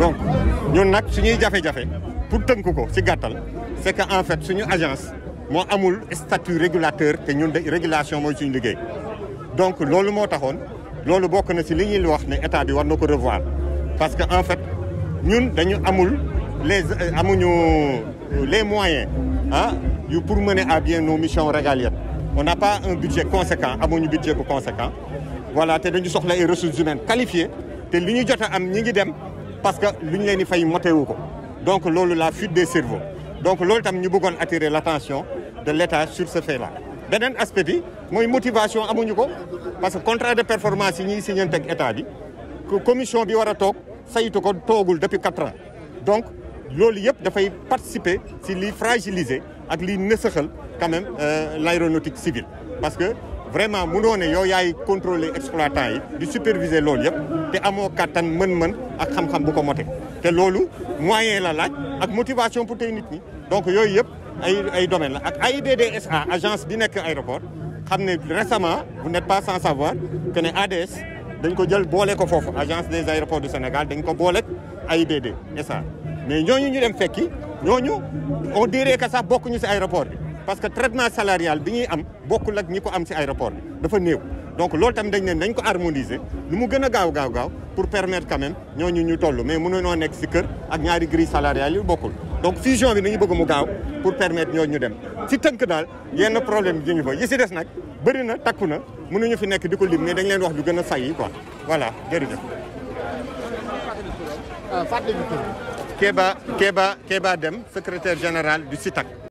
donc ñun nag suñuy jafe-jafe pour tënk ko si gàttal c'est que en fait suñu agence moo amul statut régulateur te ñun de régulation mooy suñu liggéey donc loolu moo taxoon loolu bokk na si li ñuy wax ne état bi war na ko revoir parce que en fait ñun dañu amul les euh, amuñu euh, les moyens ah yu pour mener à bien nos missions régaliennes on n'a pas un budget conséquent amuñu budget bu conséquent voilà te dañu soxla ay ressources humaines qualifiées te li ñu jot a am ñi ngi dem parce que lu ñu leen di fay motewu ko donc loolu la fuite des cerveaux donc loolu tam ñu bëggoon attirer l'attention de l'État sur ce fait là beneen aspect bi mooy motivation amuñu ko parce que contrat de performance yi ñu ñuy signante ak état bi commission bi war a toog saytu ko toogul depuis quatre ans donc loolu yëpp dafay participer ci liy fragiliser ak liy nësaxal quand même euh, l'aéronautique civile parce que vraiment munoo ne yow yaay contrôler exploitant yi di superviser loolu yëpp te amoo kàttan mën-mën ak xam-xam bu ko mote te loolu moyen la laaj ak motivation pour tey nit donc yooyu yëpp ay ay domaine la ak AIBDSA agence bi nekk aéroport xam ne récemment vous n'êtes pas sans savoir que ne ADS dañ ko jël boole ko foofu agence des aéroports du Sénégal dañ ko boole AIBD SA mais ñooñu ñu dem fekki ñooñu on dirait que sax bokkuñu si aéroport bi parce que traitement salarial bi ñuy am bokkul ak ñu ko am si aéroport bi dafa néew donc loolu tamit dañ leen dañ ko harmoniser lu mu gën a gaaw gaaw gaaw pour permetre quand même ñooñu ñu toll mais noo nekk si kër ak ñaari grille salariale yu bokkul donc fusion bi nañu bëgg mu gaaw pour permettre ñooñu ñu dem ci tënk daal yenn problème yi ñu fa yi si des nag bëri na takku na mënuñu fi nekk di ko lim mais dañ leen wax du gën a fay yi quoi voilà jërëjëf. Ah, Keba Dem secrétaire général du SITAC